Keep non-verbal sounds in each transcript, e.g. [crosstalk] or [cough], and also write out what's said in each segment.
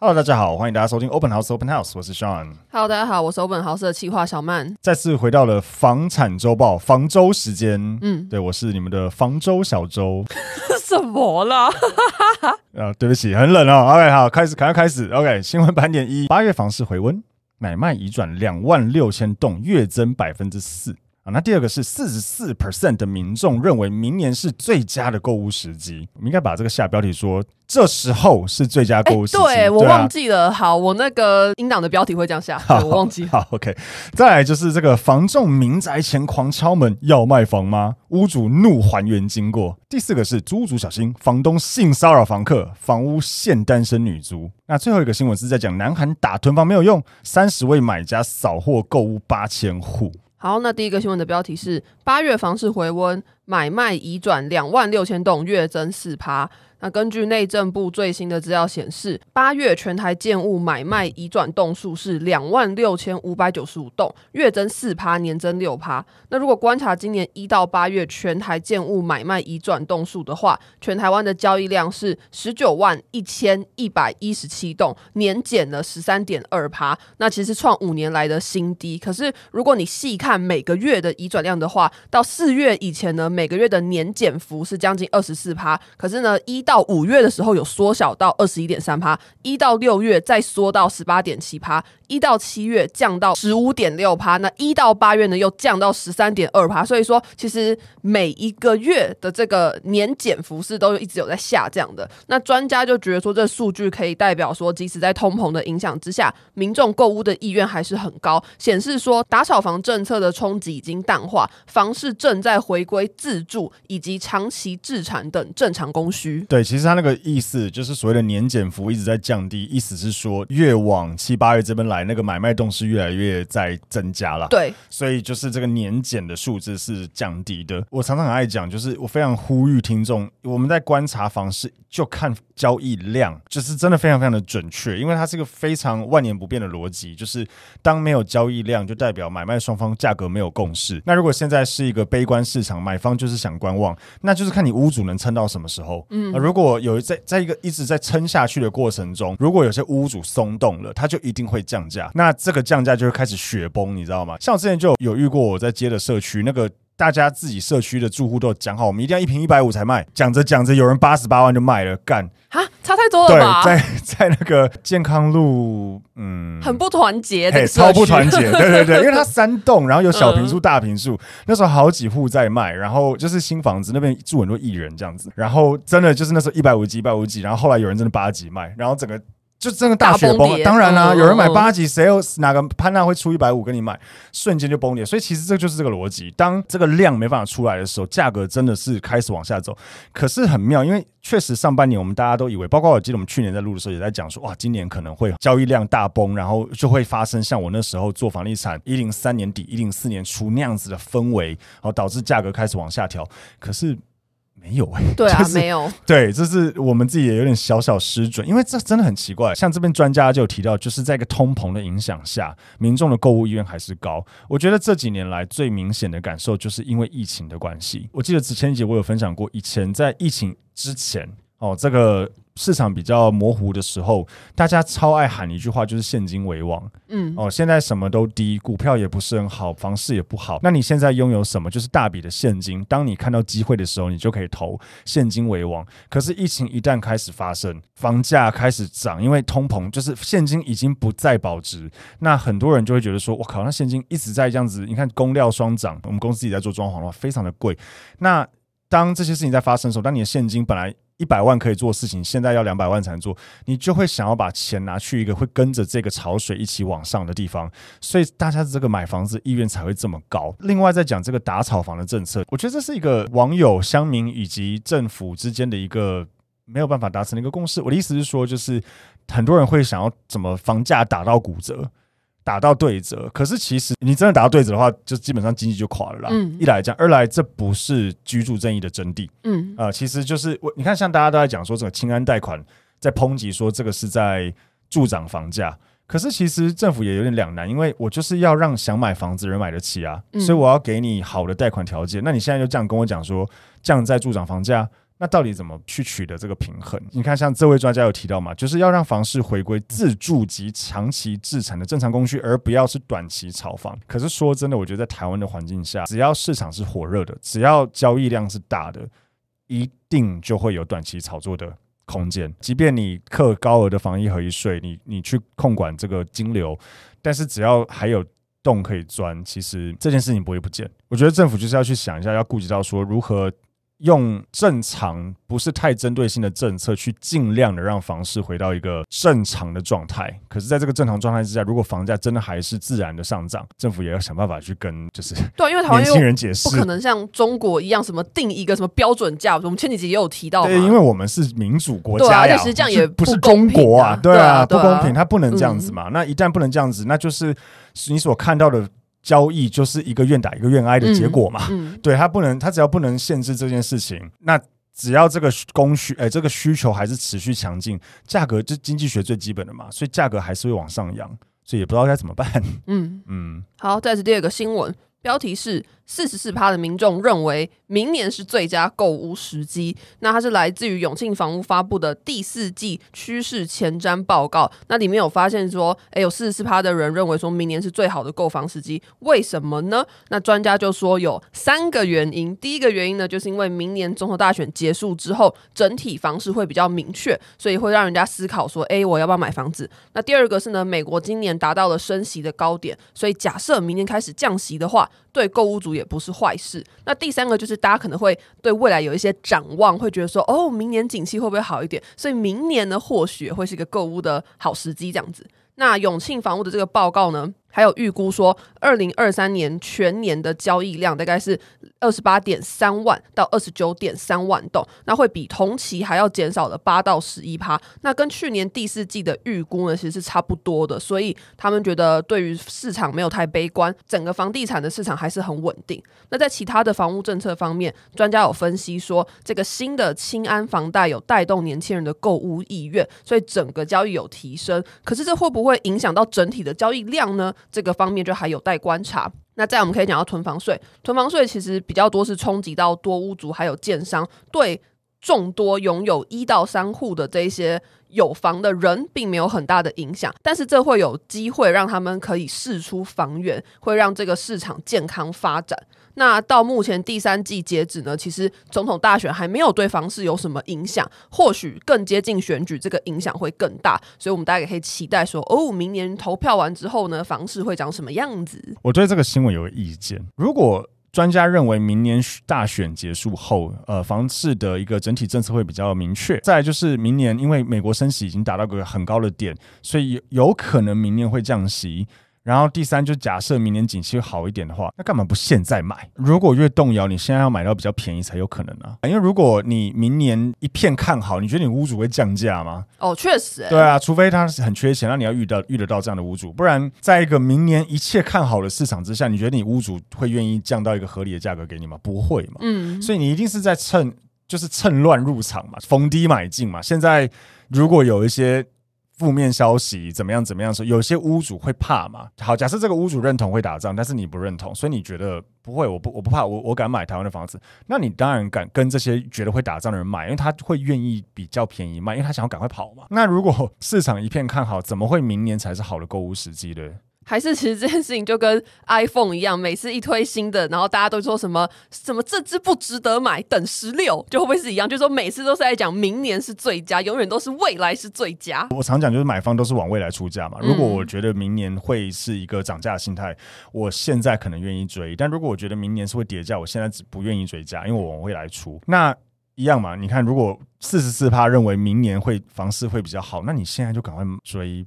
Hello，大家好，歡迎大家收聽 Open House Open House，我是 Sean。Hello，大家好，我是 Open House 的企劃小曼。再次回到了房產週報房週時間，嗯，對，我是你們的房週小周。 [laughs] 什麼啦？哈哈哈。啊，對不起，很冷哦。OK，好，開始，趕快開始。OK，新聞盤點一：八月房市回溫，買賣移轉兩萬六千棟，月增百分之四。啊，那第二個是四十四 percent 的民眾認為明年是最佳的購屋時機。我們應該把這個下標題說，這時候是最佳購屋時機，欸。對，對、啊、我忘記了，好，我那個英黨的標題會這樣下，好我忘記了好。好，OK。再來就是這個房仲民宅前狂敲門，要賣房嗎？屋主怒還原經過。第四個是租屋族小心，房東性騷擾房客，房屋限單身女租。那最後一個新聞是在講南韓打囤房沒有用，三十位買家掃貨購屋八千戶。好，那第一個新聞的標題是：八月房市回溫，買賣移轉兩萬六千棟，月增四趴。那根據內政部最新的資料顯示，八月全台建物買賣移轉棟數是兩萬六千五百九十五棟，月增四趴，年增六趴。那如果觀察今年一到八月全台建物買賣移轉棟數的話，全台灣的交易量是十九萬一千一百一十七棟，年減了十三點二趴，那其實創五年來的新低。可是如果你細看每個月的移轉量的話，到四月以前呢，每個月的年減幅是將近二十四趴。可是呢，一到到五月的時候有縮小到二十一點三趴，一到六月再縮到十八點七趴，一到七月降到十五點六趴，那一到八月呢又降到十三點二趴。所以說，其實每一個月的這個年減幅是都一直有在下降的。那專家就覺得說，這數據可以代表說，即使在通膨的影響之下，民眾購物的意願還是很高，顯示說打炒房政策的衝擊已經淡化，房市正在回歸自住以及長期置產等正常供需。對。其實他那個意思就是所謂的年減幅一直在降低，意思是說越往七八月這邊來，那個買賣棟數越來越在增加了。對，所以就是這個年減的數字是降低的。我常常很愛講，就是我非常呼籲聽眾，我們在觀察房市就看交易量，就是真的非常非常的準確，因為它是一個非常萬年不變的邏輯。就是當沒有交易量，就代表買賣雙方價格沒有共識。那如果現在是一個悲觀市場，買方就是想觀望，那就是看你屋主能撐到什麼時候。嗯。如果有在在一個一直在撐下去的過程中，如果有些屋主鬆動了，他就一定會降價，那這個降價就會開始雪崩，你知道嗎？像我之前就有遇過我在接的社區那個。大家自己社區的住戶都講好，我們一定要一坪一百五才賣。講着講着，有人八十八萬就賣了，幹啊，差太多了吧？對，在在那個健康路，嗯，很不團結的社區，嘿，超不團結，對對對，因為它三棟，然後有小坪數、大坪數。嗯、那時候好幾戶在賣，然後就是新房子那邊住很多藝人這樣子，然後真的就是那時候一百五幾、一百五幾，然後後來有人真的八十幾賣，然後整個。就真的大雪崩，崩當然啦、啊，嗯嗯嗯有人買八級，誰有哪個潘娜會出一百五跟你買？瞬間就崩裂。所以其實這就是這個邏輯，當這個量沒辦法出來的時候，價格真的是開始往下走。可是很妙，因為確實上半年我們大家都以為，包括我記得我們去年在錄的時候也在講說，哇，今年可能會交易量大崩，然後就會發生像我那時候做房地產一零三年底一零四年初那樣子的氛圍，然後導致價格開始往下調。可是。沒有誒、欸，對啊，是沒有，對，這是我們自己也有點小小失準，因為這真的很奇怪。像這邊專家就有提到，就是在一個通膨的影響下，民眾的購物意願還是高。我覺得這幾年來最明顯的感受，就是因為疫情的關係。我記得之前一集我有分享過，以前在疫情之前。哦，這個市場比較模糊的時候，大家超愛喊一句話，就是“現金為王”。嗯，哦，現在什麼都低，股票也不是很好，房市也不好。那你現在擁有什麼？就是大筆的現金。當你看到機會的時候，你就可以投“現金為王”。可是疫情一旦開始發生，房價開始漲，因為通膨，就是現金已經不再保值。那很多人就會覺得說：“我靠，那現金一直在這樣子。”你看，工料雙漲，我們公司也在做裝潢的話，非常的貴。那當這些事情在發生的時候，當你的現金本來。一百萬可以做的事情，現在要兩百萬才能做，你就會想要把錢拿去一個會跟着這個潮水一起往上的地方，所以大家這個買房子意願才會這麼高。另外再講這個打炒房的政策，我覺得這是一個網友、鄉民以及政府之間的一個沒有辦法達成的一個共識。我的意思是說，就是很多人會想要怎麼房價打到骨折。打到對折，可是其實你真的打到對折的話，就基本上經濟就垮了啦。嗯、一來這樣，二來這不是居住正義的真諦。嗯，啊、呃，其實就是我，你看，像大家都在講說這個青安貸款在抨擊說這個是在助長房價，嗯、可是其實政府也有點兩難，因為我就是要讓想買房子人買得起啊，嗯、所以我要給你好的貸款條件，那你現在就這樣跟我講說這樣在助長房價？那到底怎麼去取得這個平衡？你看，像這位專家有提到嘛，就是要讓房市回歸自住及長期置產的正常供需，而不要是短期炒房。可是說真的，我覺得在台灣的環境下，只要市場是火熱的，只要交易量是大的，一定就會有短期炒作的空間。即便你課高額的房地合一稅，你你去控管這個金流，但是只要還有洞可以鑽，其實這件事情不會不見。我覺得政府就是要去想一下，要顧及到說如何。用正常、不是太針對性的政策去儘量的讓房市回到一個正常的狀態。可是，在這個正常狀態之下，如果房價真的還是自然的上漲，政府也要想辦法去跟就是對啊，因為台灣年輕人解釋不可能像中國一樣什麼定一個什麼標準價。我們前幾集也有提到，對，因為我們是民主國家呀、啊，對啊、其實這樣也不公平、啊、不是中國啊，對啊，對啊對啊不公平，他不能這樣子嘛。嗯、那一旦不能這樣子，那就是你所看到的。交易就是一個願打一個願挨的結果嘛，嗯，嗯，對他不能，他只要不能限制這件事情，那只要這個供需，哎，欸，這個需求還是持續強勁，價格就經濟學最基本的嘛，所以價格還是會往上揚，所以也不知道該怎麼辦。嗯嗯，嗯，好，再次第二個新聞。標題是：四十四趴的民眾認為明年是最佳購屋時機。那它是來自於永慶房屋發布的第四季趨勢前瞻報告。那裡面有發現說，誒，有四十四趴的人認為說明年是最好的購房時機。為什麼呢？那專家就說有三個原因。第一個原因呢，就是因為明年總統大選結束之後，整體房市會比較明確，所以會讓人家思考說，誒，我要不要買房子？那第二個是呢，美國今年達到了升息的高點，所以假設明年開始降息的話。對購屋族也不是壞事。那第三個就是大家可能會對未來有一些展望，會覺得說哦，明年景氣會不會好一點？所以明年呢，或許會是一個購屋的好時機這樣子。那永慶房屋的這個報告呢，還有預估說，二零二三年全年的交易量大概是二十八點三萬到二十九點三萬棟，那會比同期還要減少了八到十一趴。那跟去年第四季的預估呢，其實是差不多的。所以他們覺得對於市場沒有太悲觀，整個房地產的市場還是很穩定。那在其他的房屋政策方面，專家有分析說，這個新的清安房貸有帶動年輕人的購物意願，所以整個交易有提升。可是這會不會影響到整體的交易量呢？這個方面就還有待觀察。那再我們可以講到囤房稅，囤房稅其實比較多是衝擊到多屋主還有建商，對眾多擁有一到三戶的這些有房的人並沒有很大的影響，但是這會有機會讓他們可以釋出房源，會讓這個市場健康發展。那到目前第三季截止呢，其實總統大選還沒有對房市有什麼影響，或許更接近選舉，這個影響會更大。所以，我們大家也可以期待說，哦，明年投票完之後呢，房市會長什麼樣子？我對這個新聞有意見：如果專家認為明年大選結束後，呃，房市的一個整體政策會比較明確，再來就是明年因為美國升息已經達到一個很高的點，所以有有可能明年會降息。然後第三就假設明年景氣會好一點的話，那幹嘛不現在買？如果越動搖，你現在要買到比較便宜才有可能啊。因為如果你明年一片看好，你覺得你屋主會降價嗎？哦，確實。對啊，除非他是很缺錢，那你要遇到遇得到這樣的屋主，不然在一個明年一切看好的市場之下，你覺得你屋主會願意降到一個合理的價格給你嗎？不會嘛。嗯。所以你一定是在趁，就是趁亂入場嘛，逢低買進嘛。現在如果有一些。負面消息，怎麼樣？怎麼樣說？有些屋主會怕嘛？好，假設這個屋主認同會打仗，但是你不認同，所以你覺得不會？我不，我不怕，我我敢買台灣的房子。那你當然敢跟這些覺得會打仗的人買，因為他會願意比較便宜賣，因為他想要趕快跑嘛。那如果市場一片看好，怎麼會明年才是好的購屋時機呢？還是其實這件事情就跟 iPhone 一樣，每次一推新的，然後大家都說什麼什麼這支不值得買，等十六就會不會是一樣？就是說每次都是在講明年是最佳，永遠都是未來是最佳。我常講就是買方都是往未來出價嘛。如果我覺得明年會是一個漲價的心態，我現在可能願意追；但如果我覺得明年是會跌價，我現在只不願意追價，因為我往未來出。那一樣嘛？你看，如果四十四趴認為明年會房市會比較好，那你現在就趕快追。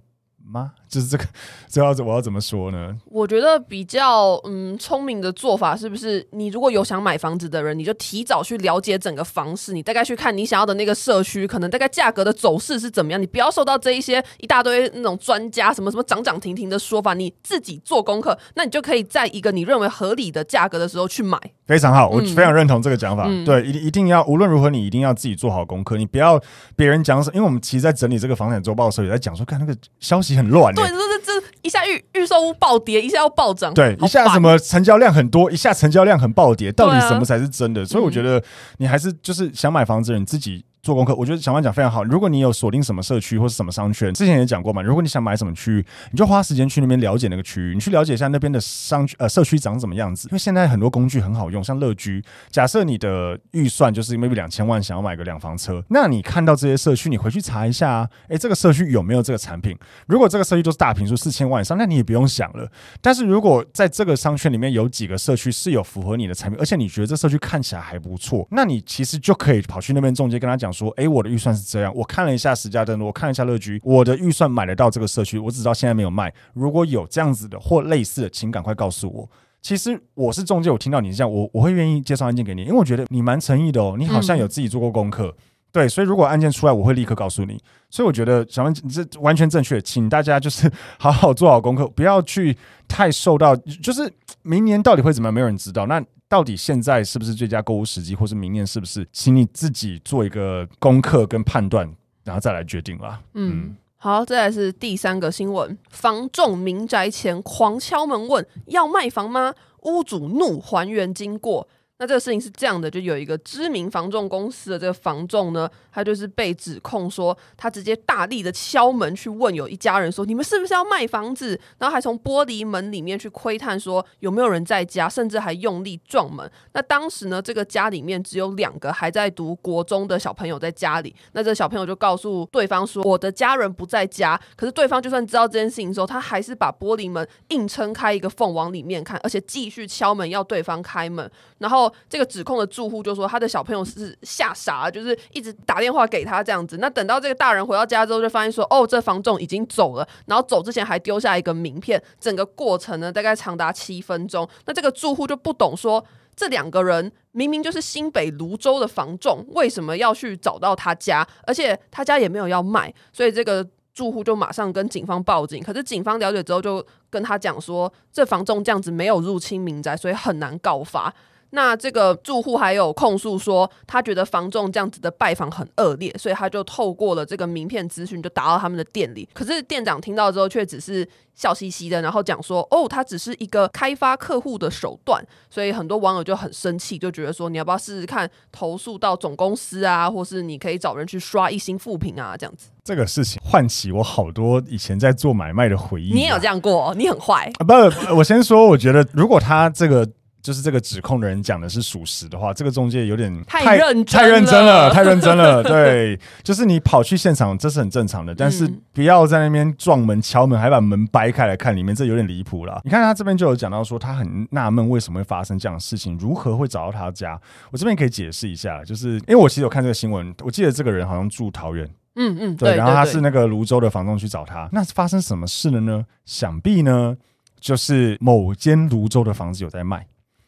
嗎？就是這個，這要怎我要怎麼說呢？我覺得比較嗯聰明的做法是不是？你如果有想買房子的人，你就提早去了解整個房市，你大概去看你想要的那個社區，可能大概價格的走勢是怎麼樣。你不要受到這一些一大堆那種專家什麼什麼漲漲停停的說法，你自己做功課，那你就可以在一個你認為合理的價格的時候去買。非常好，我非常認同這個講法。嗯、對，一定一定要無論如何，你一定要自己做好功課，你不要別人講什麼，因為我們其實在整理這個房產週報的時候，也在講說，看那個消息。很亂、欸，對，就是這、就是、一下預預售屋暴跌，一下又暴漲，對，好煩，一下什麼成交量很多，一下成交量很暴跌，到底什麼才是真的？啊、所以我覺得你還是就是想買房子、嗯、你自己。做功課，我覺得小曼講非常好。如果你有鎖定什麼社區或是什麼商圈，之前也講過嘛。如果你想買什麼區域，你就花時間去那邊了解那個區域，你去了解一下那邊的商呃社區長什麼樣子。因為現在很多工具很好用，像樂居。假設你的預算就是 maybe 兩千萬，想要買個兩房車，那你看到這些社區，你回去查一下啊。哎、欸，這個社區有沒有這個產品？如果這個社區都是大坪數四千萬以上，那你也不用想了。但是如果在這個商圈裡面有幾個社區是有符合你的產品，而且你覺得這社區看起來還不錯，那你其實就可以跑去那邊中介跟他講。說，誒，我的預算是這樣，我看了一下實價登錄，我看了一下樂居，我的預算買得到這個社區，我只知道現在沒有賣。如果有這樣子的或類似的，請趕快告訴我。其實我是中介，我聽到你是這樣，我我會願意介紹案件給你，因為我覺得你蠻誠意的哦，你好像有自己做過功課，嗯、對，所以如果案件出來，我會立刻告訴你。所以我覺得小萬你這完全正確，請大家就是好好做好功課，不要去太受到，就是明年到底會怎麼樣，沒有人知道。那。到底現在是不是最佳購屋時機，或是明年是不是？請你自己做一個功課跟判斷，然後再來決定吧。嗯，好，再來是第三個新聞：房仲民宅前狂敲門問要賣房嗎？屋主怒還原經過。那這個事情是這樣的，就有一個知名房仲公司的這個房仲呢，他就是被指控說，他直接大力的敲門去問有一家人說，你們是不是要賣房子？然後還從玻璃門裡面去窺探說有沒有人在家，甚至還用力撞門。那當時呢，這個家裡面只有兩個還在讀國中的小朋友在家裡。那這個小朋友就告訴對方說，我的家人不在家。可是對方就算知道這件事情之後，他還是把玻璃門硬撐開一個縫往裡面看，而且繼續敲門要對方開門，然後。這個指控的住戶就說他的小朋友是嚇傻，就是一直打電話給他這樣子。那等到這個大人回到家之後，就發現說，哦，這房仲已經走了，然後走之前還丟下一個名片。整個過程呢，大概長達七分鐘。那這個住戶就不懂說，說這兩個人明明就是新北蘆洲的房仲，為什麼要去找到他家？而且他家也沒有要賣，所以這個住戶就馬上跟警方報警。可是警方了解之後，就跟他講說，這房仲這樣子沒有入侵民宅，所以很難告發。那這個住戶還有控訴說，他覺得房仲這樣子的拜訪很惡劣，所以他就透過了這個名片資訊就打到他們的店裡。可是店長聽到之後卻只是笑嘻嘻的，然後講說：“哦，他只是一個開發客戶的手段。”所以很多網友就很生氣，就覺得說：“你要不要試試看投訴到總公司啊，或是你可以找人去刷一星負評啊，這樣子。”這個事情喚起我好多以前在做買賣的回憶啊。你也有這樣過哦？你很壞啊。不，我先說，我覺得如果他這個。就是這個指控的人講的是屬實的話，這個中介有點太認太認真了，太認真了。對，就是你跑去現場，這是很正常的，但是不要在那邊撞門、敲門，還把門掰開來看，看裡面，這有點離譜了。你看他這邊就有講到說，他很納悶為什麼會發生這樣的事情，如何會找到他家？我這邊可以解釋一下，就是因為我其實有看這個新聞，我記得這個人好像住桃園。嗯，嗯嗯，對，對然後他是那個蘆洲的房東去找他，對對對那發生什麼事了呢？想必呢，就是某間蘆洲的房子有在賣。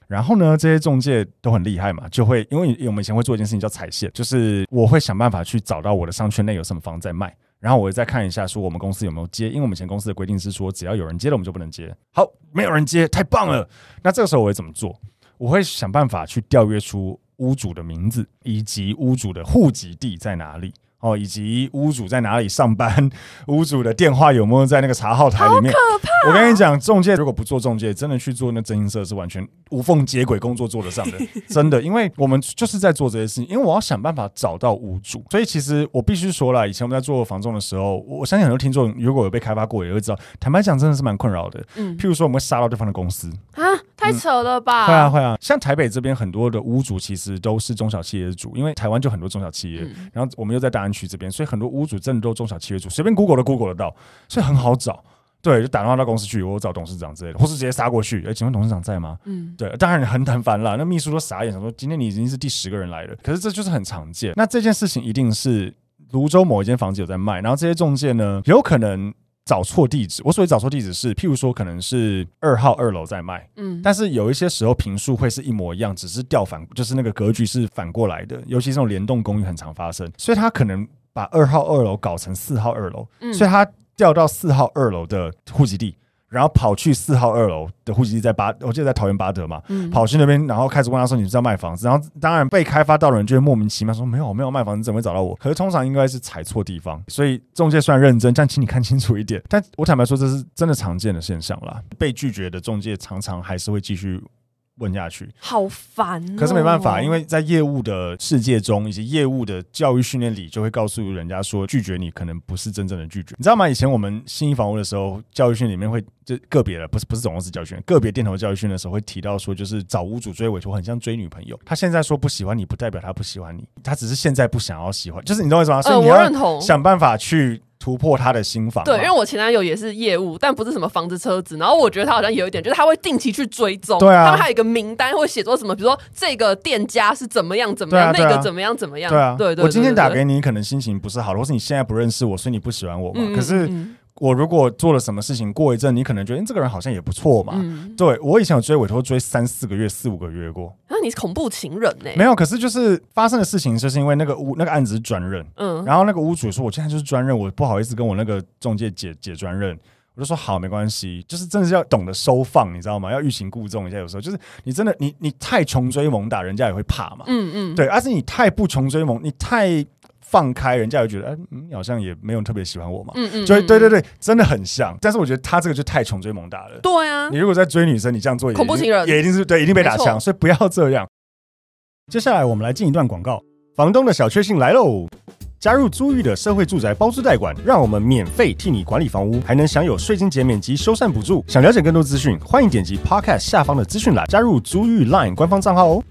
然後呢，這些仲介都很厲害嘛，就會因為我們以前會做一件事情叫踩線，就是我會想辦法去找到我的商圈內有什麼房在賣，然後我會再看一下說我們公司有沒有接，因為我們以前公司的規定是說，只要有人接了我們就不能接。好，沒有人接，太棒了。嗯。那這個時候我會怎麼做？我會想辦法去調閱出屋主的名字以及屋主的戶籍地在哪裡。哦，以及屋主在哪裡上班，屋主的電話有沒有在那個查號台裡面？可怕。我跟你講，中介如果不做中介，真的去做那徵信社是完全無縫接軌，工作做得上的， [laughs] 真的，因為我們就是在做這些事情，因為我要想辦法找到屋主，所以其實我必須說了，以前我們在做房仲的時候，我相信很多聽眾如果有被開發過，也會知道，坦白講真的是蠻困擾的。嗯。譬如說，我們會殺到對方的公司啊，太扯了吧？會、嗯、啊會啊，像台北這邊很多的屋主其實都是中小企業的主，因為台灣就很多中小企業，嗯、然後我們又在打。區這邊，所以很多屋主真的都中小企業主，隨便 Google 都 Google 得到，所以很好找。對，就打電話到公司去，我找董事長之類的，或是直接殺過去。哎、欸，請問董事長在嗎？嗯，對，當然很煩啦。那秘書都傻眼了，說今天你已經是第十個人來了。可是這就是很常見。那這件事情一定是蘆洲某一間房子有在賣，然後這些中介呢，有可能。找錯地址，我所謂找錯地址是，譬如說可能是二號二樓在賣，嗯、但是有一些時候坪數會是一模一樣，只是調反，就是那個格局是反過來的，尤其是那種連棟公寓很常發生，所以他可能把二號二樓搞成四號二樓，嗯、所以他調到四號二樓的戶籍地。然後跑去四號二樓的戶籍地，在巴，我記得在桃園八德嘛，嗯、跑去那邊，然後開始問他說：“你是要賣房子？”然後當然被開發到的人就會莫名其妙說：“沒有，沒有賣房子，怎麼會找到我？”可是通常應該是踩錯地方，所以中介雖然認真，但請你看清楚一點。但我坦白說，這是真的常見的現象啦。被拒絕的中介常常還是會繼續。問下去，好煩。可是沒辦法，因為在業務的世界中，以及業務的教育訓練裡，就會告訴人家說，拒絕你可能不是真正的拒絕。你知道嗎？以前我們信義房屋的時候，教育訓裡面會就個別的，不是不是總公司教育訓，個別店頭教育訓的時候會提到說，就是找屋主追尾就很像追女朋友。他現在說不喜歡你，不代表他不喜歡你，他只是現在不想要喜歡。就是你懂我意思嗎？所以你要想辦法去。突破他的心房對，因為我前男友也是業務，但不是什麼房子、車子。然後我覺得他好像有一點，就是他會定期去追蹤，對啊。他們還有一個名單，會寫作什麼，比如說這個店家是怎麼樣怎麼樣，啊、那個怎麼樣怎麼樣，對啊。對,啊對,對,對,對對。我今天打給你，可能心情不是好，或是你現在不認識我，所以你不喜歡我嘛。嗯、可是我如果做了什麼事情，過一陣你可能覺得、嗯，這個人好像也不錯嘛。嗯、對我以前有追委托追三四個月、四五個月過。你是恐怖情人呢、欸？沒有，可是就是發生的事情，就是因為那個屋那個案子是專任，嗯、然後那個屋主說，我現在就是專任，我不好意思跟我那個中介姐姐專任，我就說好，沒關係，就是真的是要懂得收放，你知道嗎？要欲擒故縱一下，有時候就是你真的你你太窮追猛打，人家也會怕嘛，嗯嗯，對，而是你太不窮追猛，你太。放開人家又覺得哎，好像也沒有特別喜歡我嘛，所以、嗯嗯嗯、對對對，真的很像。但是我覺得他這個就太窮追猛打了。對啊，你如果在追女生，你這樣做也已經也一定是對，一定被打槍，沒錯，所以不要這樣。接下來我們來進一段廣告。房東的小確幸來嘍！加入租寓的社會住宅包租代管，讓我們免費替你管理房屋，還能享有稅金減免及修繕補助。想了解更多資訊，歡迎點擊 Podcast 下方的資訊欄，加入租寓 Line 官方賬號哦。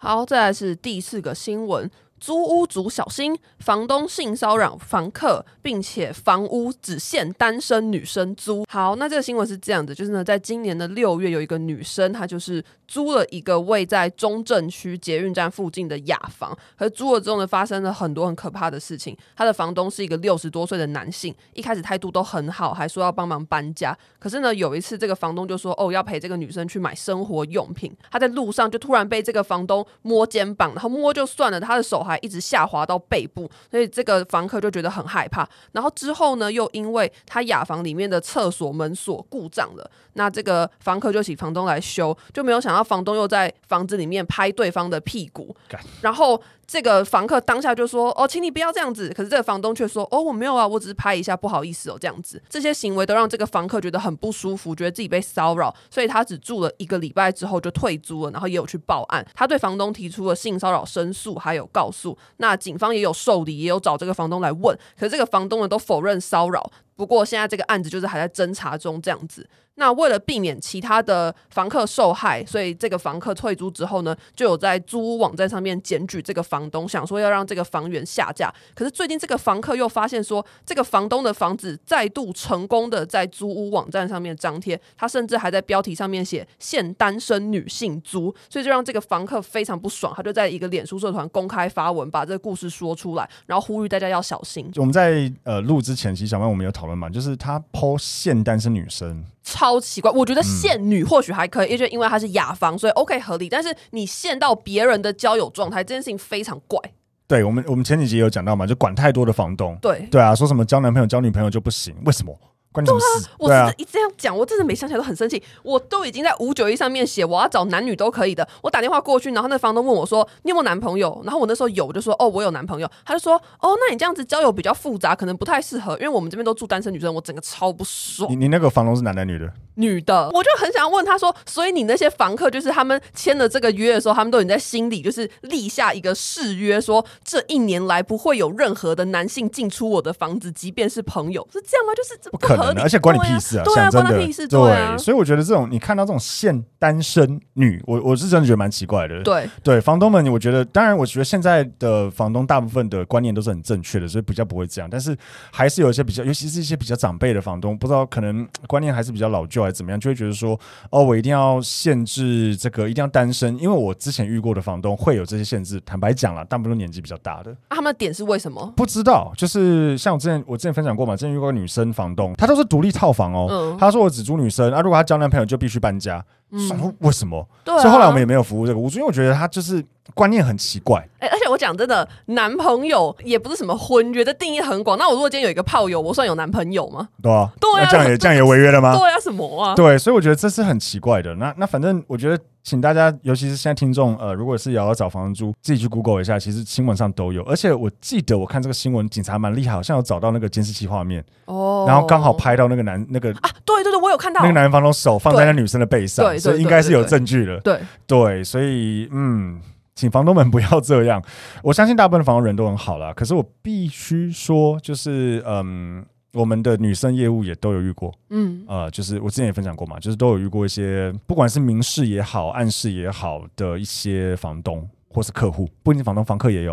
好，再來是第四個新聞。租屋族小心，房東性騷擾房客，並且房屋只限單身女生租。好，那這個新聞是這樣子，就是呢，在今年的六月，有一個女生，她就是租了一個位在中正區捷運站附近的雅房，可是租了之後呢，發生了很多很可怕的事情。她的房東是一個六十多歲的男性，一開始態度都很好，還說要幫忙搬家。可是呢，有一次這個房東就說：“哦，要陪這個女生去買生活用品。”她在路上就突然被這個房東摸肩膀，然後摸就算了，他的手。還一直下滑到背部，所以這個房客就覺得很害怕。然後之後呢，又因為他雅房裡面的廁所門鎖故障了，那這個房客就請房東來修，就沒有想到房東又在房子裡面拍對方的屁股。God. 然後這個房客當下就說：“哦，請你不要這樣子。”可是這個房東卻說：“哦，我沒有啊，我只是拍一下，不好意思哦，這樣子。”這些行為都讓這個房客覺得很不舒服，覺得自己被騷擾，所以他只住了一個禮拜之後就退租了，然後也有去報案。他對房東提出了性騷擾申訴，還有告訴。那警方也有受理，也有找這個房東來問，可是這個房東呢都否認騷擾。不過現在這個案子就是還在偵查中，這樣子。那為了避免其他的房客受害，所以這個房客退租之後呢，就有在租屋網站上面檢舉這個房東，想說要讓這個房源下架。可是最近這個房客又發現說，這個房東的房子再度成功的在租屋網站上面張貼，他甚至還在標題上面寫“限單身女性租”，所以就讓這個房客非常不爽，他就在一個臉書社團公開發文，把這個故事說出來，然後呼籲大家要小心。我們在呃錄之前，其實小芒我們有討論嘛，就是他 PO 限單身女生。超奇怪，我覺得限女或許還可以，嗯，因為因為她是雅房，所以 OK 合理。但是你限到別人的交友狀態，這件事情非常怪。對我們，我們前幾集有講到嘛，就管太多的房東，對對啊，說什麼交男朋友、交女朋友就不行？為什麼？對啊，我是一直這樣講，我真的，啊、我真的每想起來都很生氣。我都已經在五九一上面寫，我要找男女都可以的。我打電話過去，然後那房東問我說：“你有沒有男朋友？”然後我那時候有，我就說：“哦，我有男朋友。”他就說：“哦，那你這樣子交友比較複雜，可能不太適合，因為我們這邊都住單身女生。”我整個超不爽。你你那個房東是男的女的？女的，我就很想問他說，所以你那些房客，就是他們簽了這個約的時候，他們都已經在心裡就是立下一個誓約說，說這一年來不會有任何的男性進出我的房子，即便是朋友，是這樣嗎？就是不，不可能、啊，而且關你屁事啊！對啊，對啊關他屁事對、啊、對，所以我覺得這種你看到這種現單身女，我我是真的覺得蠻奇怪的。對對，房東們，我覺得當然，我覺得現在的房東大部分的觀念都是很正確的，所以比較不會這樣，但是還是有一些比較，尤其是一些比較長輩的房東，不知道可能觀念還是比較老舊。怎麼樣就會覺得說哦，我一定要限制這個，一定要單身，因為我之前遇過的房東會有這些限制。坦白講了，大部分年紀比較大的，那、啊、他們的點是為什麼？不知道，就是像我之前我之前分享過嘛，之前遇過個女生房東，她都是獨立套房哦。她、嗯、說我只租女生啊，如果她交男朋友就必須搬家。嗯，為什麼？對啊、所以後來我們也沒有服務這個，我因為我覺得她就是。觀念很奇怪，哎、欸，而且我講真的，男朋友也不是什麼婚約的定義很廣。那我如果今天有一個炮友，我算有男朋友嗎？對啊，那這樣也，這樣也違約了嗎？對啊，對啊什麼啊？對，所以我覺得這是很奇怪的。那那反正我覺得，請大家，尤其是現在聽眾，呃，如果是也要找房租，自己去 Google 一下，其實新聞上都有。而且我記得我看這個新聞，警察蠻厲害，好像有找到那個監視器畫面哦，然後剛好拍到那個男那個啊，對對對，我有看到那個男方的手放在那女生的背上，所以應該是有證據了。對對,對,對,對,對，所以嗯。請房東們不要這樣，我相信大部分的房東人都很好啦。可是我必須說，就是嗯、呃，我們的女生業務也都有遇過，嗯呃，就是我之前也分享過嘛，就是都有遇過一些，不管是明示也好，暗示也好的一些房東或是客戶，不僅房東，房客也有。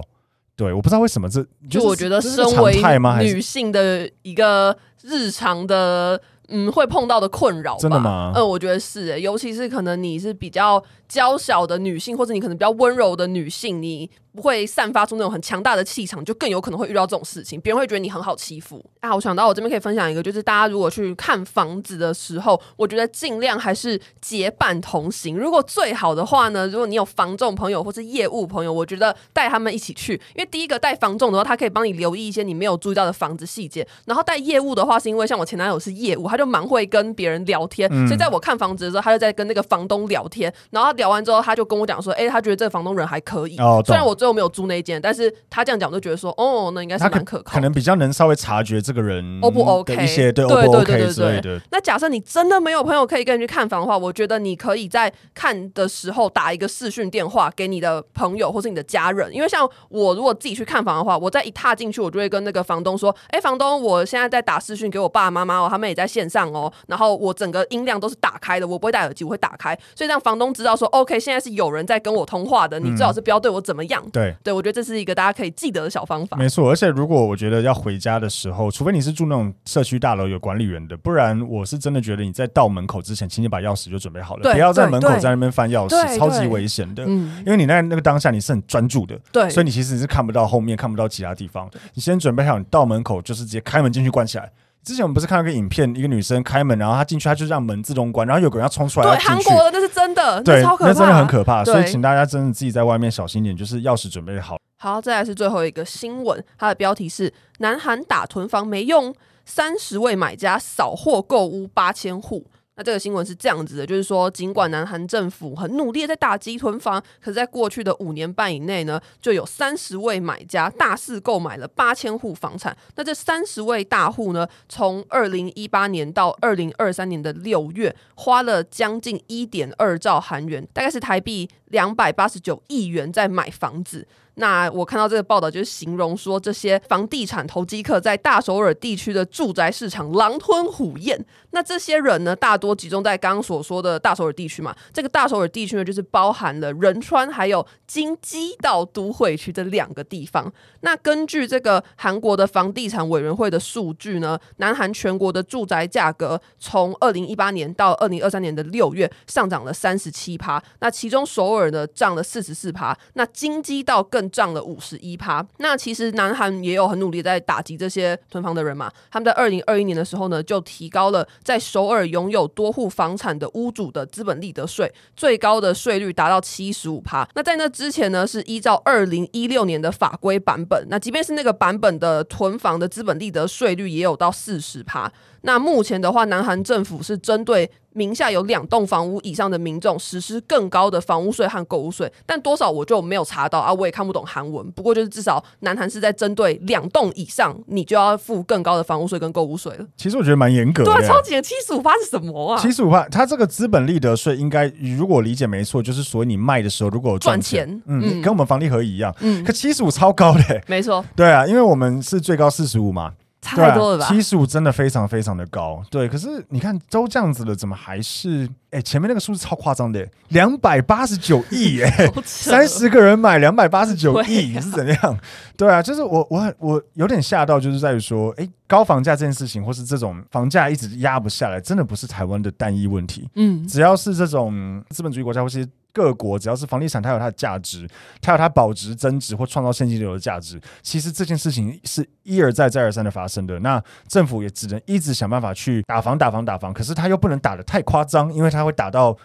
對，我不知道為什麼這，就，是、就我覺得身為女性的一個日常的。嗯，會碰到的困擾吧，真的嗎？嗯，我覺得是、欸，尤其是可能你是比較嬌小的女性，或者你可能比較溫柔的女性，你。不會散發出那種很強大的氣場，就更有可能會遇到這種事情，別人會覺得你很好欺負。啊，我想到我這邊可以分享一個，就是大家如果去看房子的時候，我覺得盡量還是結伴同行。如果最好的話呢，如果你有房仲朋友或是業務朋友，我覺得帶他們一起去，因為第一個帶房仲的話，他可以幫你留意一些你沒有注意到的房子細節；然後帶業務的話，是因為像我前男友是業務，他就蠻會跟別人聊天，嗯。所以在我看房子的時候，他就在跟那個房東聊天。然後他聊完之後，他就跟我講說：“哎，他覺得這個房東人還可以。”哦，雖然我都沒有租那間，但是他這樣講，我就覺得說，哦，那應該是蠻可靠可。可能比較能稍微察覺這個人 O、oh, 不 OK、嗯、的一些對對、oh, okay. 對對對，對，對那假設你真的沒有朋友可以跟你去看房的話，我覺得你可以在看的時候打一個視訊電話給你的朋友或是你的家人，因為像我如果自己去看房的話，我再一踏進去，我就會跟那個房東說，哎，房東，我現在在打視訊給我爸爸媽媽哦，他們也在線上哦，然後我整個音量都是打開的，我不會戴耳機，我會打開，所以讓房東知道說，OK，、嗯、現在是有人在跟我通話的，你最好是不要對我怎麼樣。對對，我覺得這是一個大家可以記得的小方法，沒錯，而且如果我覺得要回家的時候，除非你是住那種社區大樓有管理員的，不然我是真的覺得你在到門口之前，請你把鑰匙就準備好了，對不要在門口對在那邊翻鑰匙，對超級危險的。嗯，因為你在那個當下你是很專注的，對、嗯，所以你其實你是看不到後面，看不到其他地方。對你先準備好，你到門口就是直接開門進去關起來。之前我們不是看了個影片，一個女生開門，然後她進去，她就讓門自動關，然後有個人要衝出來。對，韓國的，那是真的，對，超可怕，那真的很可怕。對所以請大家真的自己在外面小心點，就是鑰匙準備好。好，再來是最後一個新聞，它的標題是：南韓打囤房沒用，三十位買家掃貨購屋八千戶。那這個新聞是這樣子的，就是說，儘管南韓政府很努力地在打擊囤房，可是在過去的五年半以內呢，就有三十位買家大肆購買了八千戶房產。那這三十位大戶呢，從二零一八年到二零二三年的六月，花了將近一點二兆韓元，大概是台幣兩百八十九億元，在買房子。那我看到這個報道，就是形容說這些房地產投機客在大首爾地區的住宅市場狼吞虎嚥。那這些人呢，大多集中在剛剛所說的大首爾地區嘛。這個大首爾地區呢，就是包含了仁川還有京畿道都會區這兩個地方。那根據這個韓國的房地產委員會的數據呢，南韓全國的住宅價格從二零一八年到二零二三年的六月上漲了三十七趴，那其中首爾呢漲了四十四趴，那京畿道更，漲了五十一趴。那其實南韓也有很努力在打擊這些囤房的人嘛。他們在二零二一年的時候呢，就提高了在首爾擁有多戶房產的屋主的資本利得稅，最高的稅率達到七十五趴。那在那之前呢，是依照二零一六年的法規版本。那即便是那個版本的囤房的資本利得稅率，也有到四十趴。那目前的話，南韓政府是針對名下有兩棟房屋以上的民眾實施更高的房屋稅和購物稅，但多少我就沒有查到啊，我也看不懂韓文。不過就是至少南韓是在針對兩棟以上，你就要付更高的房屋稅跟購物稅了。其實我覺得蠻嚴格的，對啊，超級嚴。七十五趴是什麼啊？七十五趴，他這個資本利得稅應該如果理解沒錯，就是說你賣的時候如果賺錢，賺錢嗯，跟我們房地合一樣，嗯，可七十五超高嘞，沒錯，對啊，因為我們是最高四十五嘛。差不多了吧？對，七十五真的非常非常的高。對，可是你看都這樣子了，怎麼還是？哎，前面那個數字超誇張的，兩百八十九億耶！三十 [laughs] 好扯 個人買兩百八十九億，啊、是怎樣？對啊，就是我我我有點嚇到，就是在於說，哎，高房價這件事情，或是這種房價一直壓不下來，真的不是台灣的單一問題。嗯，只要是這種資本主義國家，或是。各國只要是房地產，它有它的價值，它有它保值增值或創造現金流的價值。其實這件事情是一而再、再而三的發生的。那政府也只能一直想辦法去打房、打房、打房，可是它又不能打得太誇張，因為它會打到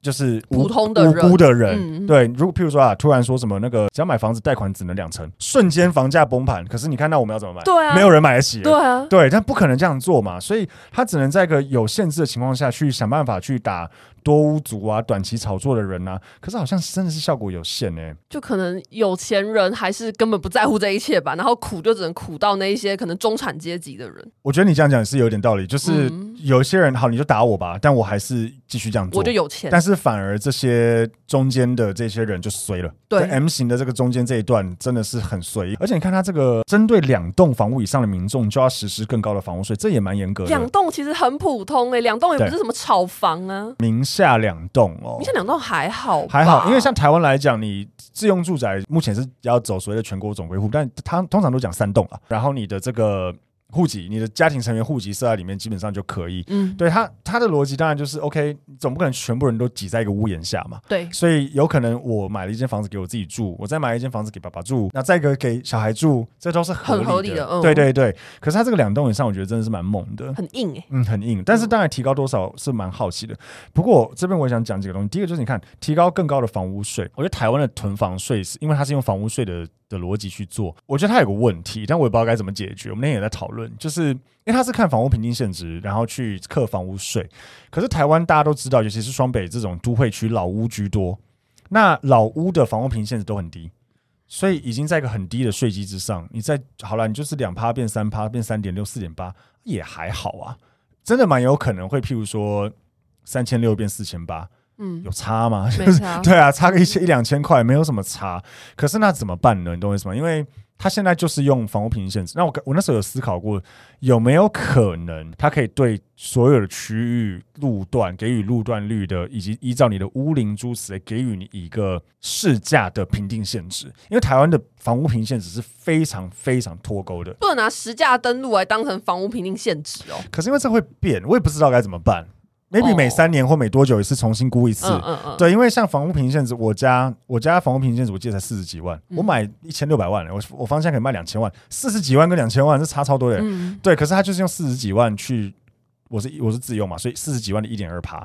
就是普通的無辜的人。嗯、對，如果譬如說啊，突然說什麼那個，只要買房子貸款只能兩成，瞬間房價崩盤。可是你看到我們要怎麼買？對啊，沒有人買得起。對啊，對，但不可能這樣做嘛，所以他只能在一個有限制的情況下去想辦法去打。多屋主啊，短期炒作的人吶、啊，可是好像真的是效果有限呢、欸。就可能有錢人還是根本不在乎這一切吧，然後苦就只能苦到那一些可能中產階級的人。我覺得你這樣講也是有點道理，就是有一些人，好，你就打我吧，但我還是繼續這樣做，我就有錢。但是反而這些中間的這些人就衰了，對在 M 型的這個中間這一段真的是很衰。而且你看他這個針對兩棟房屋以上的民眾就要實施更高的房屋稅，這也蠻嚴格的。兩棟其實很普通哎、欸，兩棟也不是什麼炒房啊，民。下兩棟哦，你下兩棟還好，還好，因為像台灣來講，你自用住宅目前是要走所謂的全國總歸戶，但他通常都講三棟啊，然後你的這個。戶籍，你的家庭成員戶籍設在裡面，基本上就可以。嗯，對，他他的邏輯當然就是 OK，總不可能全部人都擠在一個屋檐下嘛。對，所以有可能我買了一間房子給我自己住，我再買一間房子給爸爸住，那再一個給小孩住，這都是合很合理的。對對對。哦、可是他這個兩棟以上，我覺得真的是蠻猛的，很硬、欸、嗯，很硬。但是大概提高多少是蠻好奇的。不過這邊我想講幾個東西，第一個就是你看提高更高的房屋稅，我覺得台灣的囤房稅是，因為它是用房屋稅的的邏輯去做，我覺得它有個問題，但我也不知道該怎麼解決。我們那天也在討論。就是因為他是看房屋平均現值，然後去課房屋稅。可是台灣大家都知道，尤其是雙北這種都會區，老屋居多。那老屋的房屋平均現值都很低，所以已經在一個很低的稅基之上。你在好了，你就是兩趴變三趴，變三點六、四點八也還好啊。真的蠻有可能會，譬如說三千六變四千八。嗯，有差嗎？就是、差對啊，差個一千一兩千塊，沒有什麼差。嗯、可是那怎麼辦呢？你懂我意思嗎？因為他現在就是用房屋評定現值。那我我那時候有思考過，有沒有可能他可以對所有的區域路段給予路段率的，以及依照你的屋齡、租持給予你一個市價的評定現值？因為台灣的房屋評定現值是非常非常脫鈎的，不能拿實價登錄來當成房屋評定現值哦。可是因為這會變，我也不知道該怎麼辦。maybe、oh. 每三年或每多久一次重新估一次，uh, uh, uh. 對，因為像房屋評定現值，我家我家房屋評定現值我記得才四十幾萬，嗯、我買一千六百萬、欸，我我房間可以賣兩千萬，四十幾萬跟兩千萬是差超多的，嗯、對，可是他就是用四十幾萬去，我是我是自用嘛，所以四十幾萬的一點二趴，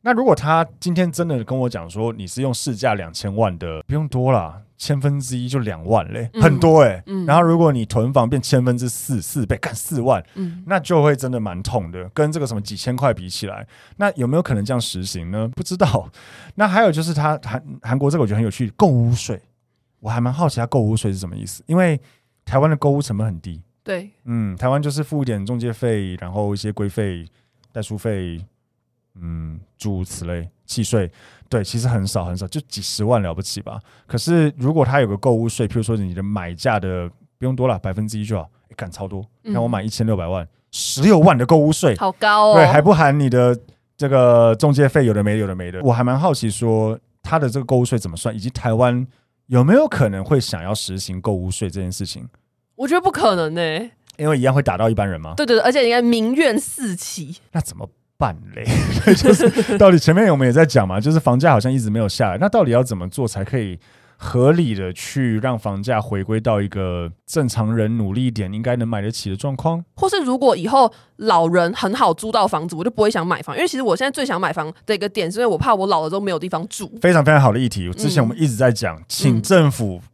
那如果他今天真的跟我講說你是用市價兩千萬的，不用多了。千分之一就兩萬嘞，嗯、很多哎、欸。嗯，然後如果你囤房變千分之四，四倍干四萬，嗯，那就會真的蠻痛的。跟這個什麼幾千塊比起來，那有沒有可能這樣實行呢？不知道。那還有就是他韓韓國這個我覺得很有趣，購屋稅，我還蠻好奇他購屋稅是什麼意思，因為台灣的購屋成本很低。對，嗯，台灣就是付一點中介費，然後一些規費、代書費，嗯，諸如此類。契稅，對，其實很少很少，就幾十萬了不起吧。可是如果他有個購物稅，譬如說你的買價的不用多了，百分之一就好，也敢超多。你看我買一千六百萬，十六、嗯、萬的購物稅，好高哦。對，還不含你的這個中介費，有的沒的，有的沒的。我還蠻好奇，說他的這個購物稅怎麼算，以及台灣有沒有可能會想要實行購物稅這件事情。我覺得不可能呢、欸，因為一樣會打到一般人嗎？對對對，而且應該民怨四起。那怎麼？反雷，半 [laughs] 就是到底前面我們也在講嘛， [laughs] 就是房價好像一直沒有下來，那到底要怎麼做才可以合理的去讓房價回歸到一個正常人努力一點應該能買得起的狀況？或是如果以後老人很好租到房子，我就不會想買房，因為其實我現在最想買房的一個點是因為我怕我老了都沒有地方住。非常非常好的議題，之前我們一直在講，嗯、請政府、嗯、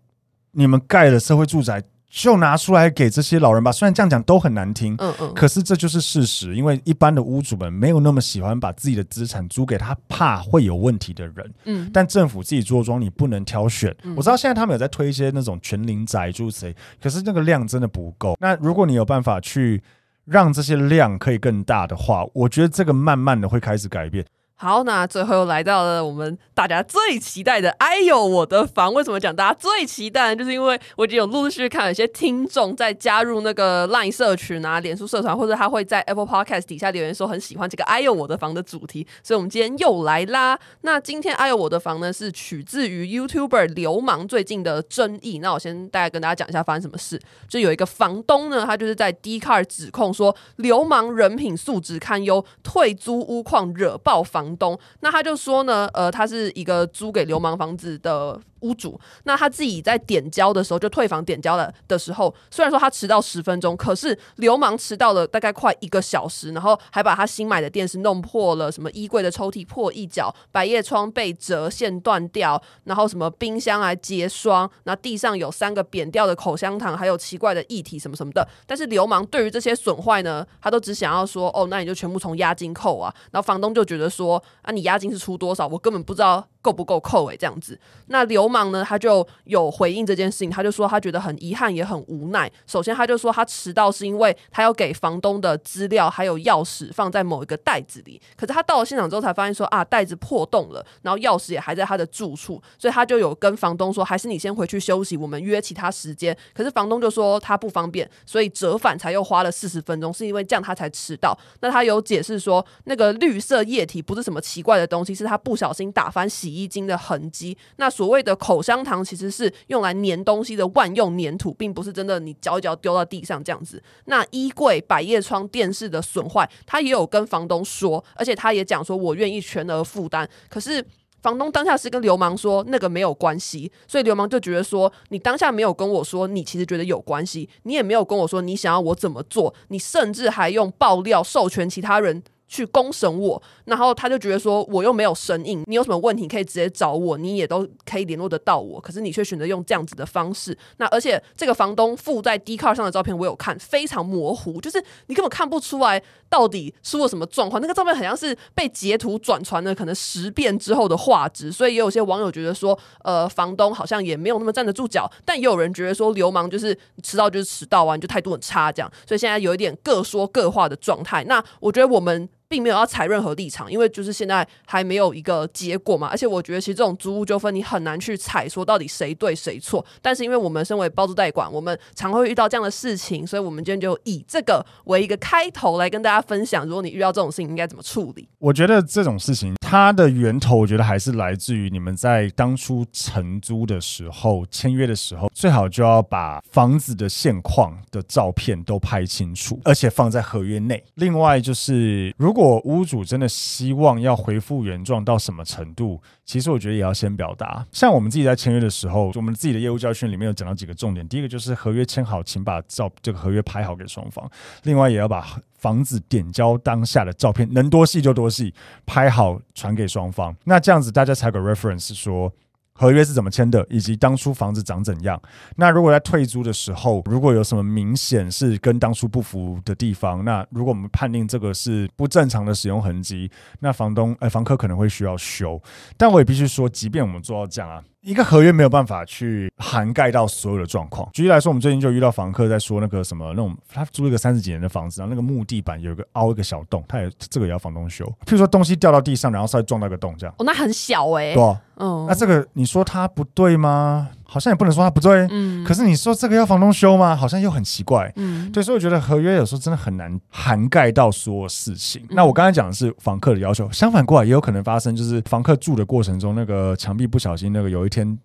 你們蓋的社會住宅，就拿出來給這些老人吧，雖然這樣講都很難聽，嗯嗯、可是這就是事實，因為一般的屋主們沒有那麼喜歡把自己的資產租給他，怕會有問題的人，嗯、但政府自己做莊，你不能挑選。嗯、我知道現在他們有在推一些那種全齡宅住之類，可是那個量真的不夠。那如果你有辦法去讓這些量可以更大的話，我覺得這個慢慢的會開始改變。好，那最後又來到了我們大家最期待的《哎呦我的房》。為什麼講大家最期待呢？就是因為我已經有陸陸續續看有些聽眾在加入那個 LINE 社群啊、臉書社團，或者他會在 Apple Podcast 底下留言說很喜歡這個《哎呦我的房》的主題，所以我們今天又來啦。那今天《哎呦我的房》呢，是取自於 YouTuber 劉芒最近的爭議。那我先大概跟大家講一下發生什麼事。就有一個房東呢，他就是在 Dcard 指控說劉芒人品素質堪憂，退租屋況，惹爆房。房東，那他就說呢，呃，他是一個租給流氓房子的。屋主，那他自己在點交的時候就退房點交了的時候，雖然說他遲到十分鐘，可是劉芒遲到了大概快一個小時，然後還把他新買的電視弄破了，什麼衣櫃的抽屜破一角，百葉窗被折線斷掉，然後什麼冰箱啊結霜，那地上有三個扁掉的口香糖，還有奇怪的液體什麼什麼的。但是劉芒對於這些損壞呢，他都只想要說哦，那你就全部從押金扣啊。然後房東就覺得說啊，你押金是出多少？我根本不知道。夠不夠扣誒、欸？這樣子，那劉芒呢？他就有回應這件事情，他就說他覺得很遺憾也很無奈。首先，他就說他遲到是因為他要給房東的資料還有鑰匙放在某一個袋子裡，可是他到了現場之後才發現說啊袋子破洞了，然後鑰匙也還在他的住處，所以他就有跟房東說，還是你先回去休息，我們約其他時間。可是房東就說他不方便，所以折返才又花了四十分鐘，是因為這樣他才遲到。那他有解釋說那個綠色液體不是什麼奇怪的東西，是他不小心打翻洗衣。衣襟的痕跡，那所謂的口香糖其實是用來粘東西的萬用粘土，並不是真的你嚼一嚼丟到地上這樣子。那衣櫃、百葉窗、電視的損壞，他也有跟房東說，而且他也講說，我願意全額負擔。可是房東當下是跟劉芒說那個沒有關係，所以劉芒就覺得說，你當下沒有跟我說你其實覺得有關係，你也沒有跟我說你想要我怎麼做，你甚至還用爆料授權其他人，去公審我，然後他就覺得說我又沒有神隱，你有什麼問題可以直接找我，你也都可以聯絡得到我。可是你卻選擇用這樣子的方式。那而且這個房東附在 Dcard 上的照片我有看，非常模糊，就是你根本看不出來到底出了什麼狀況。那個照片好像是被截圖轉傳的，可能十遍之後的畫質。所以也有些網友覺得說，呃，房東好像也沒有那麼站得住腳。但也有人覺得說，劉芒就是遲到就是遲到啊，你就態度很差這樣。所以現在有一點各說各話的狀態。那我覺得我們，並沒有要踩任何立場，因為就是現在還沒有一個結果嘛。而且我覺得，其實這種租屋糾紛，你很難去踩說到底誰對誰錯。但是，因為我們身為包租代管，我們常會遇到這樣的事情，所以我們今天就以這個為一個開頭來跟大家分享，如果你遇到這種事情應該怎麼處理。我覺得這種事情它的源頭，我覺得還是來自於你們在當初承租的時候、簽約的時候，最好就要把房子的現況的照片都拍清楚，而且放在合約內。另外就是，如果如果屋主真的希望要恢復原狀到什麼程度，其實我覺得也要先表達。像我們自己在簽約的時候，我們自己的業務教訓裡面有講到幾個重點。第一個就是合約簽好，請把照這個合約拍好給雙方；另外也要把房子點交當下的照片，能多細就多細，拍好傳給雙方。那這樣子大家才有個 reference 說，合約是怎麼簽的，以及當初房子長怎樣？那如果在退租的時候，如果有什麼明顯是跟當初不符的地方，那如果我們判定這個是不正常的使用痕跡，那房東、呃、房客可能會需要修。但我也必須說，即便我們做到這樣啊。一個合約沒有辦法去涵蓋到所有的狀況。舉例來說，我們最近就遇到房客在說那個什麼那種，他租了個三十幾年的房子，然後那個木地板有一個凹一個小洞，他也這個也要房東修。譬如說，東西掉到地上，然後稍微撞到一個洞這樣。哦，那很小哎，欸。對吧，嗯，那這個你說它不對嗎？好像也不能說他不對，嗯、可是你說這個要房東修嗎？好像又很奇怪，嗯，對，所以我覺得合約有時候真的很難涵蓋到所有事情。嗯、那我剛才講的是房客的要求，相反過來也有可能發生，就是房客住的過程中那個牆壁不小心那個有一天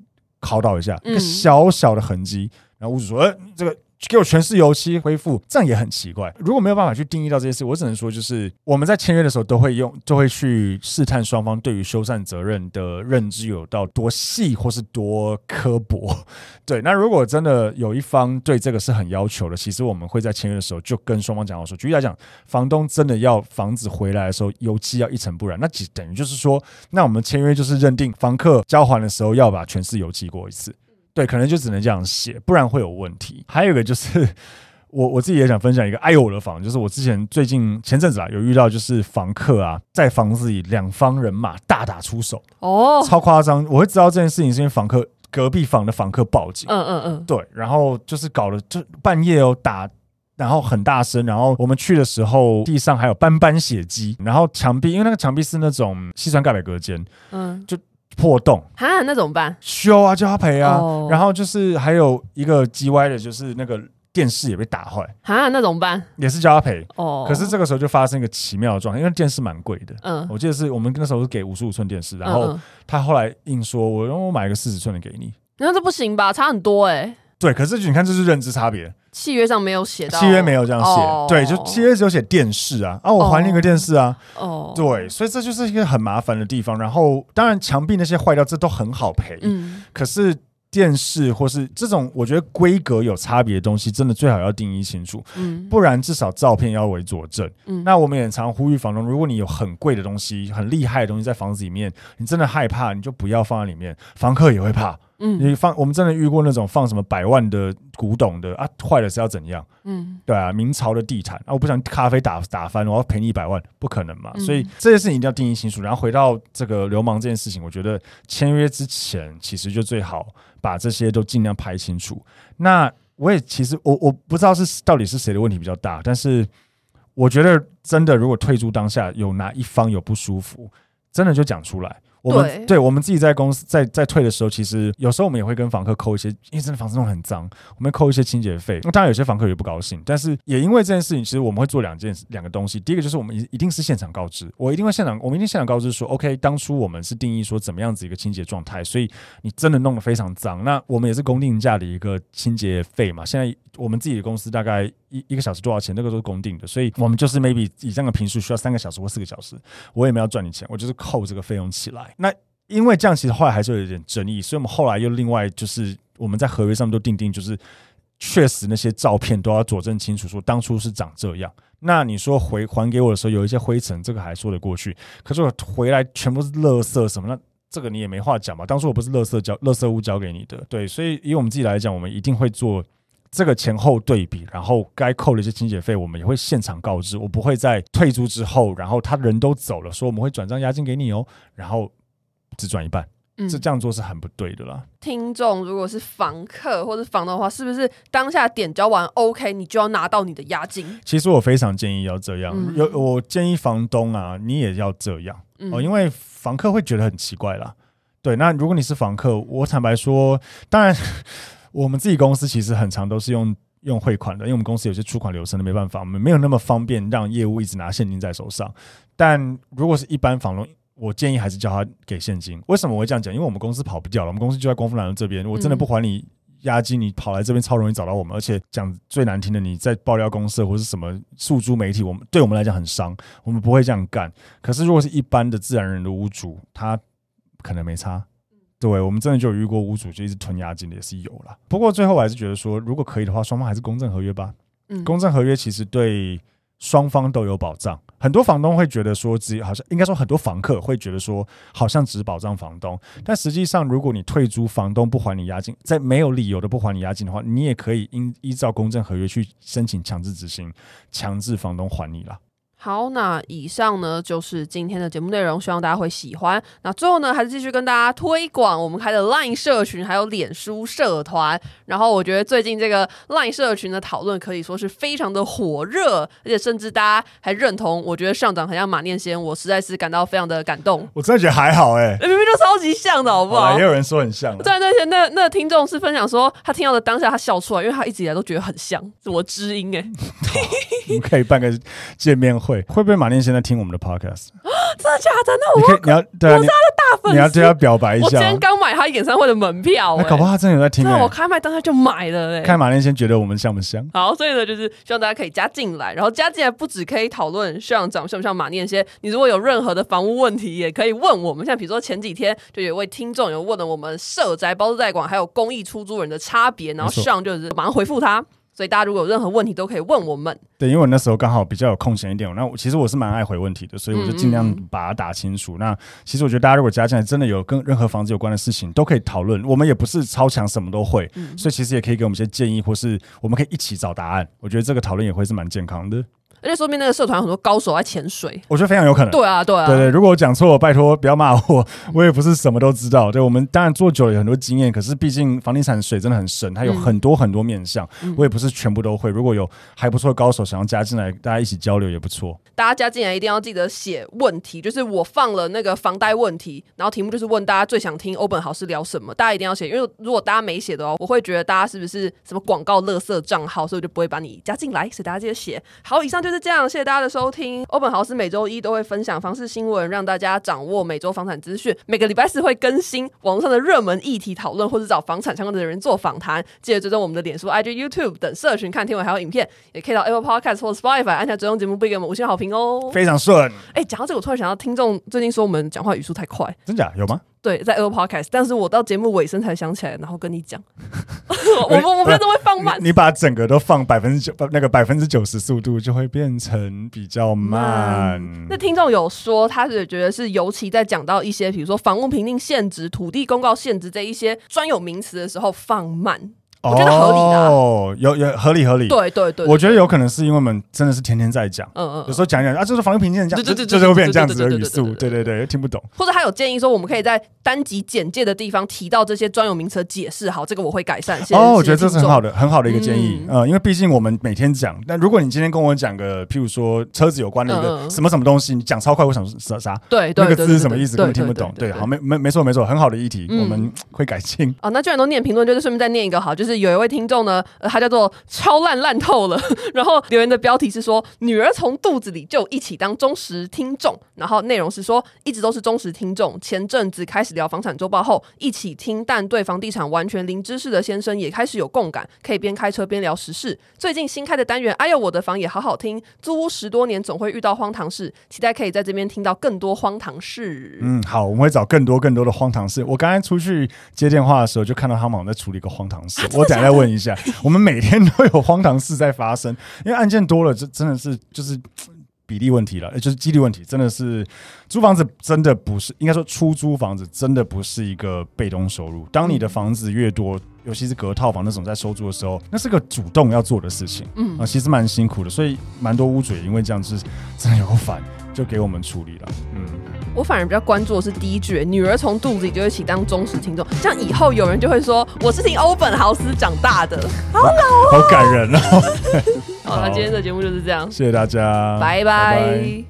敲到一下，一個小小的痕迹，然後屋主說、欸：“這個。”給我全室油漆恢復，這樣也很奇怪。如果沒有辦法去定義到這些事，我只能說，就是我們在簽約的時候都會用，都會去試探雙方對於修繕責任的認知有到多細或是多刻薄。對，那如果真的有一方對這個是很要求的，其實我們會在簽約的時候就跟雙方講到說，舉例來講，房東真的要房子回來的時候油漆要一塵不染，那其等於就是說，那我們簽約就是認定房客交還的時候要把全室油漆過一次。對，可能就只能這樣寫，不然會有問題。還有一個就是，我我自己也想分享一個哎呦我的房，就是我之前最近前陣子啊，有遇到就是房客啊，在房子裡兩方人馬大打出手，哦，超誇張！我會知道這件事情是因為房客隔壁房的房客報警，嗯嗯嗯，嗯嗯對，然後就是搞了就半夜哦打，然後很大聲，然後我們去的時候地上還有斑斑血跡，然後牆壁因為那個牆壁是那種矽酸鈣板隔間，嗯，就。破洞啊，那怎麼辦？修啊，叫他賠啊。Oh. 然後就是還有一個 G Y 的，就是那個電視也被打壞啊，那怎麼辦？也是叫他賠哦。Oh. 可是這個時候就發生一個奇妙的狀態，因為電視蠻貴的。嗯，我記得是我們那時候是給五十五寸電視，然後他後來硬說，我讓我買一個四十寸的給你。那這不行吧？差很多哎、欸。對，可是你看，這是認知差別。契約上沒有寫到，契約沒有這樣寫。哦、對，就契約只有寫電視啊，啊，我還你個電視啊。哦，對，所以這就是一個很麻煩的地方。然後，當然牆壁那些壞掉，這都很好賠。嗯、可是電視或是這種我覺得規格有差別的東西，真的最好要定義清楚。嗯、不然至少照片要為佐證。嗯、那我們也常呼籲房東，如果你有很貴的東西、很厲害的東西在房子裡面，你真的害怕，你就不要放在裡面。房客也會怕。嗯嗯，你放我們真的遇過那種放什麼百萬的古董的啊，壞了是要怎樣？嗯，對啊，明朝的地毯啊，我不想咖啡打打翻，我要賠你一百萬，不可能嘛。嗯，所以這些事情一定要定義清楚。然後回到這個劉芒這件事情，我覺得簽約之前其實就最好把這些都盡量拍清楚。那我也其實我我不知道是到底是誰的問題比較大，但是我覺得真的如果退租當下有哪一方有不舒服，真的就講出來。我們對，我們自己在公司在在退的時候，其實有時候我們也會跟房客扣一些，因為真的房子弄得很髒，我們扣一些清潔費。那當然有些房客也不高興，但是也因為這件事情，其實我們會做兩件兩個東西。第一個就是我們一一定是現場告知，我一定會現場，我們一定現場告知說，OK，當初我們是定義說怎麼樣子一個清潔狀態，所以你真的弄得非常髒，那我們也是公定價的一個清潔費嘛。現在我們自己的公司大概。一一個小時多少錢？那個都是公定的，所以我們就是 maybe 以這樣的坪數需要三個小時或四個小時，我也沒有賺你錢，我就是扣這個費用起來。那因為這樣其實後來還是有一點爭議，所以我們後來又另外就是我們在合約上面都訂定，就是確實那些照片都要佐證清楚，說當初是長這樣。那你說回還給我的時候有一些灰塵，這個還說得過去。可是我回來全部是垃圾什麼？那這個你也沒話講吧？當初我不是垃圾交垃圾屋交給你的，對，所以以我們自己來講，我們一定會做。這個前後對比，然後該扣的一些清潔費，我們也會現場告知。我不會在退租之後，然後他人都走了，說我們會轉賬押金給你哦，然後只轉一半，這、嗯、這樣做是很不對的啦。聽眾如果是房客或是房東的話，是不是當下點交完 OK，你就要拿到你的押金？其實我非常建議要這樣，嗯、有我建議房東啊，你也要這樣、嗯、哦，因為房客會覺得很奇怪啦。對，那如果你是房客，我坦白說，當然。我們自己公司其實很常都是用用匯款的，因為我們公司有些出款流程的沒辦法，我們沒有那麼方便讓業務一直拿現金在手上。但如果是一般房東，我建議還是叫他給現金。為什麼我會這樣講？因為我們公司跑不掉了，我們公司就在光復南路這邊。我真的不還你押金，你跑來這邊超容易找到我們。嗯、而且講最難聽的，你在爆料公司或是什麼訴諸媒體，我們對我們來講很傷，我們不會這樣幹。可是如果是一般的自然人的屋主，他可能沒差。對，我們真的就遇過屋主就一直囤押金的也是有了，不過最後我還是覺得說，如果可以的話，雙方還是公證合約吧。嗯，公證合約其實對雙方都有保障。很多房東會覺得說，自己好像應該說很多房客會覺得說，好像只保障房東，但實際上如果你退租，房東不還你押金，在沒有理由的不還你押金的話，你也可以依依照公證合約去申請強制執行，強制房東還你了。好，那以上呢就是今天的節目內容，希望大家會喜歡。那最後呢，還是繼續跟大家推廣我們開的 LINE 社群，還有臉書社團。然後我覺得最近這個 LINE 社群的討論可以說是非常的火熱，而且甚至大家還認同，我覺得上長很像馬念先，我實在是感到非常的感動。我真的覺得還好哎、欸欸，明明就超級像的，好不好？也有人說很像。對那對，那那聽眾是分享說他聽到的當下他笑出來，因為他一直以來都覺得很像，什麼知音哎、欸。我 [laughs] 們可以辦個見面會。會不會馬念先在聽我們的 podcast？這、啊、真的假的？那我要你要對他是大粉絲，你要對、啊、他你要你要要表白一下、啊。我今天剛買他演唱會的門票、欸欸，搞不好他真的有在聽、欸。那我開麥，當下就買了、欸。看馬念先覺得我們像不像？好，所以呢，就是希望大家可以加進來，然後加進來不只可以討論像長，長像不像馬念先，你如果有任何的房屋問題，也可以問我們。像比如說前幾天就有位聽眾有問了我們社宅包租代管還有公益出租人的差別，然後向就是馬上回覆他。所以大家如果有任何問題都可以問我們。對，因為我那時候剛好比較有空閒一點，那我其實我是蠻愛回問題的，所以我就盡量把它打清楚。嗯嗯嗯，那其實我覺得大家如果加進來，真的有跟任何房子有關的事情都可以討論。我們也不是超強什麼都會，嗯嗯，所以其實也可以給我們一些建議，或是我們可以一起找答案。我覺得這個討論也會是蠻健康的。而且說明那個社團很多高手在潛水，我覺得非常有可能。對啊，對啊，啊、對，對對。如果我講錯了，拜託不要罵我，我也不是什麼都知道。對，我們當然做久了有很多經驗，可是畢竟房地產水真的很深，它有很多很多面向，嗯、我也不是全部都會。如果有還不錯高手想要加進來，大家一起交流也不錯。大家加進來一定要記得寫問題，就是我放了那個房貸問題，然後題目就是問大家最想聽歐本豪斯聊什麼，大家一定要寫，因為如果大家沒寫的哦，我會覺得大家是不是什麼廣告垃圾賬號，所以我就不會把你加進來，所以大家記得寫。好，以上就是。是這樣，謝謝大家的收聽。歐本豪斯每週一都會分享房市新聞，讓大家掌握每週房產資訊。每個禮拜四會更新網上的熱門議題討論，或是找房產相關的人做訪談。記得追蹤我們的臉書、IG、YouTube 等社群，看聽聞還有影片。也可以到 Apple Podcast 或 Spotify 按下追蹤節目，不給我們五星好評哦。非常順。哎、欸，講到這個，我突然想到聽眾最近說我們講話語速太快，真假有嗎？對，在 Apple Podcast，但是我到節目尾聲才想起來，然後跟你講， [laughs] [laughs] 我我、欸、我、我你都會放慢你。你把整個都放百分之九，那個百分之九十速度就會變成比較慢。嗯、那聽眾有說，他是覺得是尤其在講到一些，比如說房屋評定現值、土地公告現值這一些專有名詞的時候放慢。我覺得合理哦，有有合理合理，對對對，我覺得有可能是因為我們真的是天天在講，嗯嗯，有時候講一講啊，就是防御平建講，對就就就會變成這樣子的語速，對對對，聽不懂。或者他有建議說，我們可以在單集簡介的地方提到這些專有名詞解釋，好，這個我會改善。哦，我覺得這是很好的很好的一個建議，呃，因為畢竟我們每天講，但如果你今天跟我講個，譬如說車子有關的一個什麼什麼東西，你講超快，我想啥啥，對對，那個字是什麼意思？根本聽不懂。對，好，沒沒沒錯沒錯，很好的議題，我們會改進。哦，那既然都念評論，就是順便再念一個好，就是。有一位聽眾呢，他、呃、叫做超爛爛透了，然後留言的標題是說，女兒從肚子裡就一起當忠實聽眾，然後內容是說，一直都是忠實聽眾，前陣子開始聊房產周報後一起聽，但對房地產完全零知識的先生也開始有共感，可以邊開車邊聊時事。最近新開的單元，哎呦我的房也好好聽，租屋十多年總會遇到荒唐事，期待可以在這邊聽到更多荒唐事。嗯，好，我們會找更多更多的荒唐事。我剛才出去接電話的時候，就看到他們好像在處理一個荒唐事。 [laughs] 我等下再問一下，我們每天都有荒唐事在發生，因為案件多了，這真的是就是比例問題了，就是幾率問題，真的是租房子真的不是應該說出租房子真的不是一個被動收入，當你的房子越多。尤其是隔套房那種，在收租的時候，那是個主動要做的事情，啊、嗯呃，其實蠻辛苦的，所以蠻多屋主也因為這樣子，就是，真的有煩，就給我們處理了。嗯，我反而比較關注的是第一句，女兒從肚子裡就一起當忠實聽眾，這樣以後有人就會說，我是聽歐本豪斯長大的，對好，好老哦，好感人啊，哦。 [laughs] [laughs] 好，那好今天的節目就是這樣，謝謝大家，拜拜。拜拜。